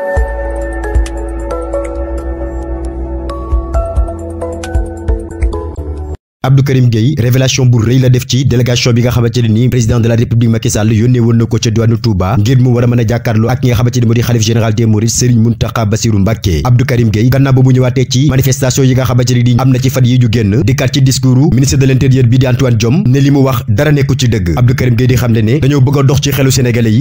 thank you Abdou Karim Gueye révélation bu rëy la def ci délégation bi nga xamante ne ni président de la république Macky Sall yónnee woon na ko ca diwaanu Touba ngir mu war a mën a jàkkaarloo ak ki nga xamante ni moo di xalif général des Mourides Serigne Mountakha Bassirou Mbacké Abdou Karim Gueye gannaaw ba mu ñëwaatee ci manifestation yi nga xamante ne ni am na ci fan yi ju génn dikkaat ci discours ministre de l'intérieur bi di Antoine Diome ne li mu wax dara nekku ci dëgg Abdou a dox ci xelu sénégalais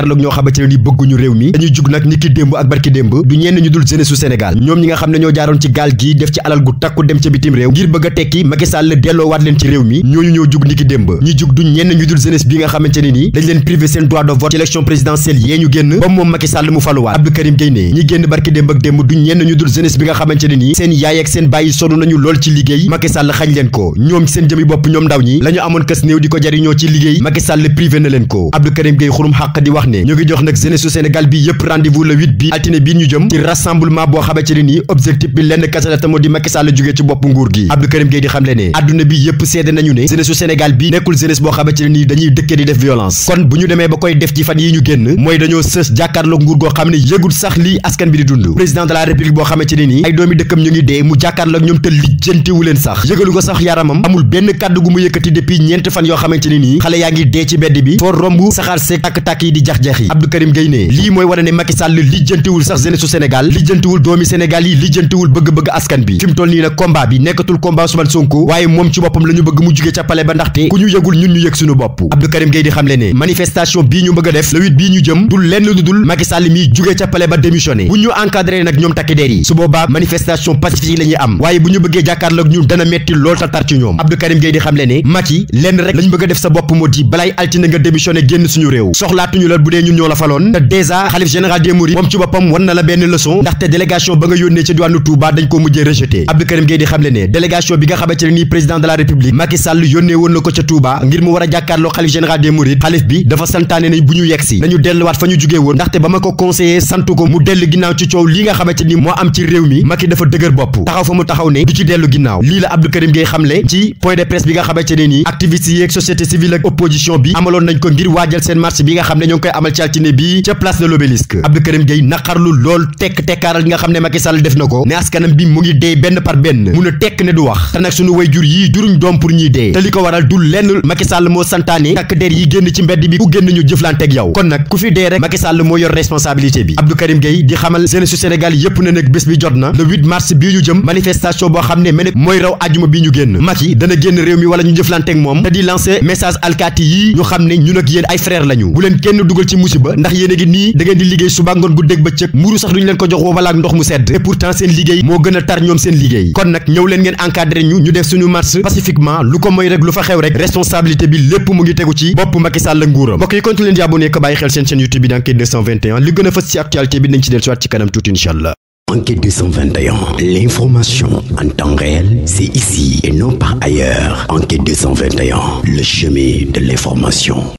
yi ñoo xamante ne ni bëgguñu réew mi dañuy jug nag ni ki démb ak barki démb du ñenn ñu dul jeunesse Sénégal ñoom ñi nga xam ne ñoo jaaroon ci gaal gi def ci alal gu takku dem ca bitim réew ngir bëgg a leen ci réew mi ñooñu ñoo jug ni ki démb ñi jug du ñenn ñu dul jeunesse bi nga xamante ne ni dañ leen privé seen droit de vote ci élection présidentielle yée ñu génn ba moom Macky mu faluwaat Abdou Karim ne ñi génn barki démb ak démb du ñenn ñu dul jeunesse bi nga xamante ne ni seen yaay ak seen bàyyi sonn nañu lool ci liggéey Macky Sall xañ leen ko ñoom seen jëmi bopp ñoom ndaw ñi lañu amoon kës néew di ko jariñoo ci liggéey Macky Sall privé na leen ko Abdou Karim Gueye di wax ne ñu ngi jox nag jeunesse su Sénégal bi yëpp rendez-vous le yëpp seede nañu ne jeunesse su Sénégal bi nekkul jeunesse boo xamante ne nii dañuy dëkkee di def violence kon bu ñu demee ba koy def ci fan yi ñu génn mooy dañoo sës jàkkaarloog nguur goo xam ne yëgul sax lii askan bi di dund président de la république boo xamante ne nii ay doomi dëkkam ñu ngi dee mu jàkkaarloog ñoom te lijjantiwu leen sax yëgalu ko sax yaramam amul benn kàddu gu mu yëkkati depuis ñeent fan yoo xamante ne nii xale yaa ngi dee ci mbedd bi foo romb saxaar seeg tàkk-tàkk yi di jax-jax yi Abdou Karim Gueye ne lii mooy wane ne Macky Sall lijjantiwul sax jeunesse su Sénégal lijjantiwul doomi Sénégal yi lijjantiwul bëgg-bëgg askan bi fi mu toll nii nag combat bi nekkatul combat Ousmane Sonko waaye moom ci boppam la bëgg mu jugee ca palais ba ndaxte ku ñu yëgul ñun ñu yëg suñu bopp Abdou Karim Gueye di ne manifestation bii ñu bëgg a def le huit ñu jëm dul lenn lu dul Macky Sall miy ca palais ba démissionné bu ñu encadré nag ñoom takki der yi su boobaa ñun ñoo yónnee woon na ko ca Touba ngir mu war a jàkkaarloo xalif général des mourides xalif bi dafa santaane nañ bu ñu yegg nañu delluwaat fa ñu jugee woon ndaxte ba ma ko conseillé santu ko mu dellu ginnaaw ci coow li nga xamante ni moo am ci réew mi Macky dafa dëgër bopp taxaw fa mu taxaw ne du ci dellu ginnaaw lii la Abdou Karim Gueye xamle ci point de presse bi nga xamante ne nii activistes yi société civile opposition bi amaloon nañ ko ngi altine bi ca place de l'obélisque Abdou Karim te pour ñuy dee te li ko waral du lenn Macky moo santaane takk der yi génn ci mbedd bi ku génn ñu jëflante ak yow kon nag ku fi dee rek Macky Sall moo yor responsabilité bi Abdou Karim Gueye di xamal jeunesse su Sénégal yépp ne nag bés bi jot na le 8 mars bii ñu jëm manifestation boo xam ne mene mooy raw ajuma bi ñu génn Macky dana génn réew mi wala ñu jëflante moom te di lancer message alkaati yi ñu xam ne ñun ak yéen ay frère lañu bu leen kenn dugal ci couche ba ndax yéen a ngi nii da ngeen di liggéey suba ngoon guddeeg bëccëg mburu sax duñu leen ko jox wobalaak ndox mu sedd et pourtant seen liggéey moo gën tar ñoom seen liggéey kon nag ñëw leen ngeen encadré ñu ñu def suñu marche pacifiquement lu ko mooy rek lu fa xew rek responsabilité bi lépp mu ngi tegu ci bopp Macky la nguuram mbokk yi di abonné ko xel seen chaîne YouTube bi d'Enquête 221 li gën fës ci actualité bi nañ ci del soit ci kanam tuuti